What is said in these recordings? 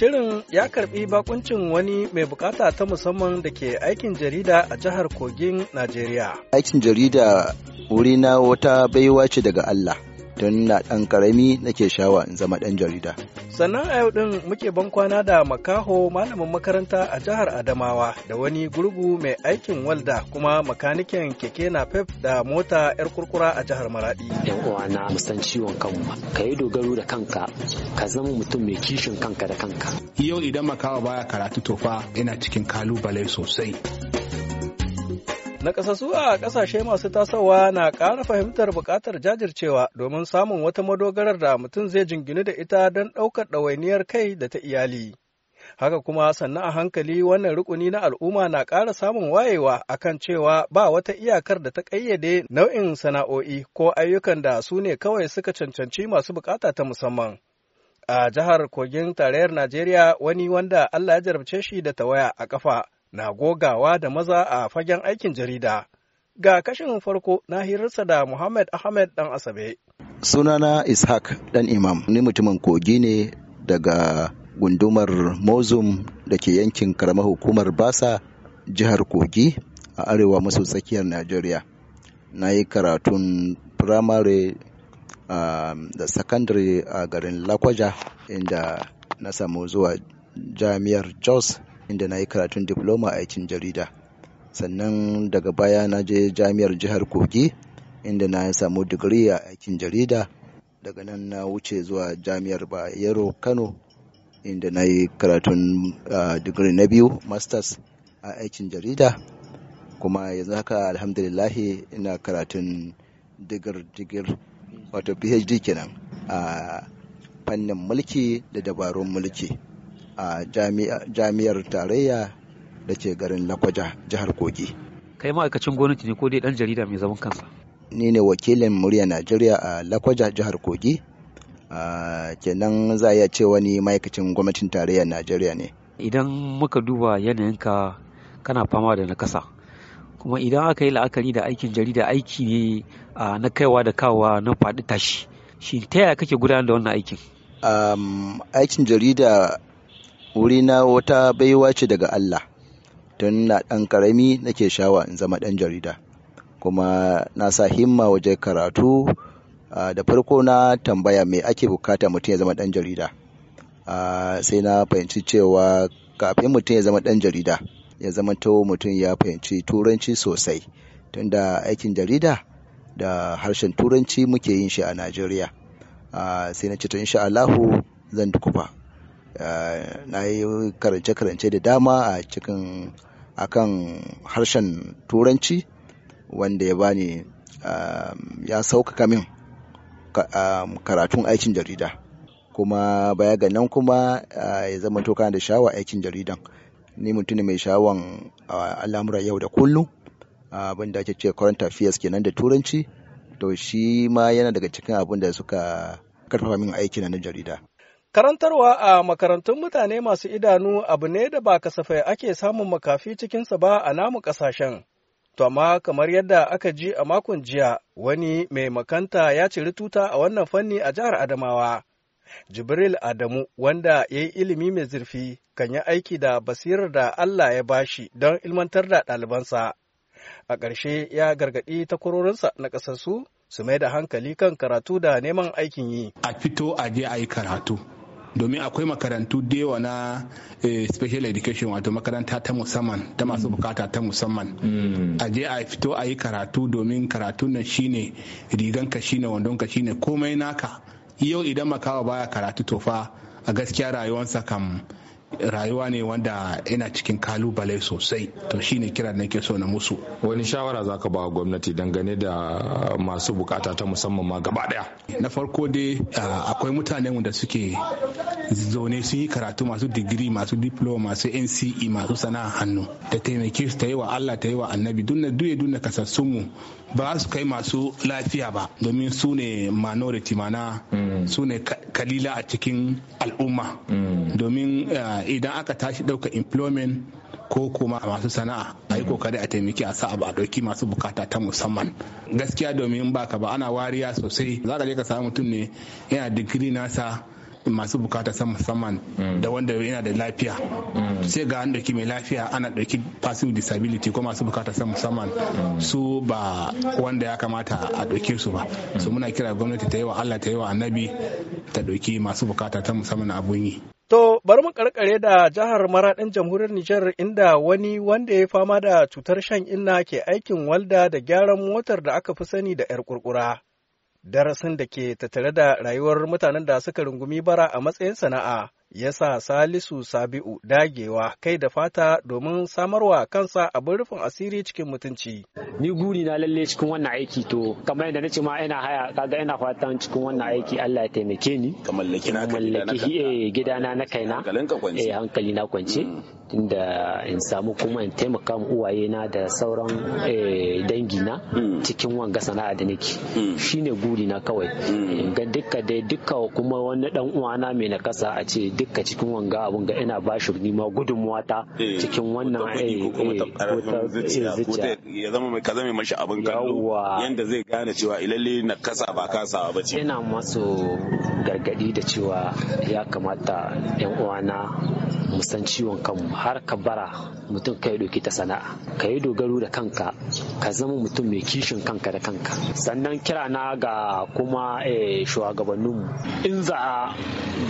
Shirin ya karbi bakuncin wani mai bukata ta musamman da ke aikin jarida a jihar Kogin, Najeriya. Aikin jarida wuri na wata baiwa ce daga Allah. don na ɗan ƙarami nake shawa in zama ɗan jarida. Sannan a yau ɗin muke ban kwana da makaho malamin makaranta a jihar Adamawa da wani gurgu mai aikin walda kuma makaniken keke na pep da mota 'yar kurkura a jihar Maraɗi. Yan na musan ciwon kanmu ka yi dogaro da kanka, ka zama mutum mai kishin kanka da kanka. Yau idan makaho baya karatu tofa yana cikin kalubale sosai. Na ƙasa a ƙasashe masu tasowa na ƙara fahimtar buƙatar jajircewa domin samun wata madogarar da mutum zai jingini da ita don ɗaukar ɗawainiyar kai da ta iyali. Haka kuma sannan a hankali wannan rukuni na al'umma na ƙara samun wayewa a kan cewa ba wata iyakar da ta ƙayyade nau'in sana'o'i ko ayyukan da su ne kawai suka cancanci masu buƙata ta musamman. A jihar Kogin Tarayyar Najeriya wani wanda Allah ya jarabce shi da tawaya a ƙafa na gogawa da maza a fagen aikin jarida. Ga kashin farko na hirarsa da Muhammad Ahmed dan Asabe. Sunana Ishaq dan Imam, ni mutumin kogi ne daga gundumar Mozum da ke yankin karamar hukumar Basa jihar Kogi a arewa maso tsakiyar Najeriya. Na yi karatun firamare da sakandare a garin Lakwaja inda na samu zuwa jami'ar Jos inda na yi karatun diploma a aikin jarida sannan daga baya na je jami'ar jihar kogi inda na samu digiri a aikin jarida daga nan na wuce zuwa jami'ar bayero kano inda na yi karatun digiri na biyu masters a aikin jarida kuma yanzu haka alhamdulillahi ina karatun digir-digir wato phd kenan a fannin mulki da dabarun mulki a jami'ar tarayya da ke garin lakwaja jihar kogi kai ma'aikacin gwamnati ne ko dai dan jarida mai zaman kansa ni ne wakilin murya najeriya a lakwaja jihar kogi kenan za a iya ce wani ma'aikacin gwamnatin tarayyar najeriya ne idan muka duba ka, kana fama da nakasa kuma idan aka yi la'akari da aikin jarida aiki ne na kaiwa da kawa na faɗi tashi shi ta yaya kake gudanar da wannan aikin aikin jarida wurina wata baiwa ce daga Allah tun na ɗan ƙarami nake shawa in zama ɗan jarida kuma na sa himma waje karatu da farko na tambaya mai ake bukata mutum ya zama ɗan jarida sai na fahimci cewa kafin mutum ya zama ɗan jarida ya zama to mutum ya fahimci turanci sosai tunda aikin jarida da harshen turanci muke yin shi a najeriya sai na ce to insha Allahu zan dukufa Eh, na yi karance-karance da dama a cikin akan harshen turanci wanda ya bani um, ya sauƙaƙa min um, karatun aikin jarida kuma baya ga nan kuma eh, ya zama to da shawa aikin jaridan ni mutum ne mai shawan eh, al'amura yau da kullum abin da ake ce current affairs kenan da turanci to shi ma yana daga cikin abin da suka karfafa min aiki na jarida Karantarwa a makarantun mutane masu idanu abu ne da ba kasafai ake samun makafi cikinsa ba a namu ƙasashen. To amma kamar yadda aka ji a makon jiya wani mai makanta ya ciri tuta a wannan fanni a jihar Adamawa. Jibril Adamu wanda ya yi ilimi mai zurfi kan yi aiki da basirar da Allah ya bashi don ilmantar da ɗalibansa. A ƙarshe ya gargaɗi takwarorinsa na ƙasarsu su mai da hankali kan karatu da neman aikin yi. A fito a je a yi karatu. domin akwai makarantu da na eh, special education wato makaranta ta musamman ta masu mm. bukata ta musamman mm. a je a fito a yi karatu domin karatu na shine riganka shine wandon ka shine komai naka yau idan makawa baya karatu tofa a gaskiya rayuwansa kam rayuwa ne wanda ina cikin kalubale sosai to shine kiran nake so na musu wani shawara zaka ba gwamnati dangane da masu bukata ta musamman ma gaba daya na farko dai akwai mutanen da suke zaune sun yi karatu masu digiri masu diploma masu nce masu sana'a hannu Da taimake su ta yi wa allah ta yi wa annabi dunna duye dunna kasassun mu ba su kai masu lafiya ba domin su ne minority mana mm. su ne kalila a cikin al'umma mm. domin eh, idan aka tashi dauka employment ko kuma masu sana'a a yi mm. kokari a taimaki a sa ba a masu bukata ta musamman gaskiya domin baka ba ana wariya sosai za ka je ka samu mutum ne yana digiri nasa masu bukata musamman mm. da wanda yana da lafiya mm. sai ga an dauki mai lafiya ana ɗauki passive disability ko masu bukata musamman mm. su ba wanda ya kamata a ɗauke su ba su muna kira gwamnati ta yi wa Allah ta yi wa annabi ta ɗauki masu bukata ta musamman abun yi To bari mu karkare da jihar Maraɗin jamhuriyar Nijar inda wani wanda ya fama da cutar shan inna ke aikin walda da gyaran motar da aka fi sani da 'yar kurkura. darasin da ke tattare da rayuwar mutanen da suka rungumi bara a matsayin sana'a ya sa Salisu Sabi'u dagewa kai da fata domin samarwa kansa abin rufin asiri cikin mutunci. Ni guri na lalle cikin wannan aiki to kamar yadda ce ma ina haya kaga ina fatan cikin wannan aiki Allah ya taimake ni. Ka mallaki na mallaki eh, gidana na kaina. Eh hankali na kwance. Mm. Tunda in samu kuma in taimaka ma uwaye na da sauran eh, dangi na mm. cikin wanga sana'a da nake. Mm. Shine guri na kawai. Ga dukka dai dukka kuma wani dan uwana mai nakasa a ce dukka cikin wanga abun ga ina ba shi nima gudunmuwa ta eh, cikin wannan eh, ya zama mai kaza mai mashi abin kallo zai gane cewa ilalle eh, na kasa ba kasawa ba ce ina masu gargadi da cewa ya kamata yan uwana musan san ciwon kanmu har ka bara mutum kai doki ta sana'a ka yi dogaro da kanka ka zama mutum mai kishin kanka da kanka sannan kira na ga kuma eh, shugabanninmu in za a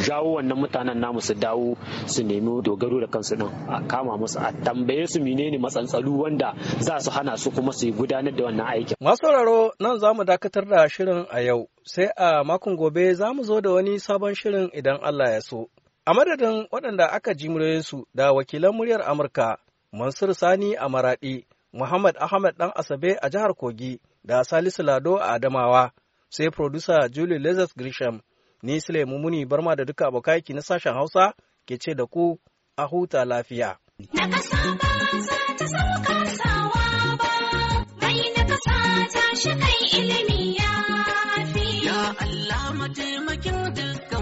jawo wannan mutanen namu su dawo su nemi dogaro da kansu din a kama musu a tambaye su menene matsantsalu wanda za su hana su kuma su yi gudanar da wannan aikin masu sauraro nan za mu dakatar da shirin a yau sai a makon gobe za mu zo da wani sabon shirin idan Allah ya so A madadin waɗanda aka ji su da wakilan muryar Amurka, Mansur Sani a Maraɗi, Muhammad Ahmad ɗan Asabe a jihar Kogi da Salisu Lado a Adamawa, sai producer Julie Lazarus Grisham, ni Sule Mumuni Barma da duka abokai, na sashen Hausa ke ce da ku a huta lafiya. Na ya fi. Ya Allah mataimakin dukkan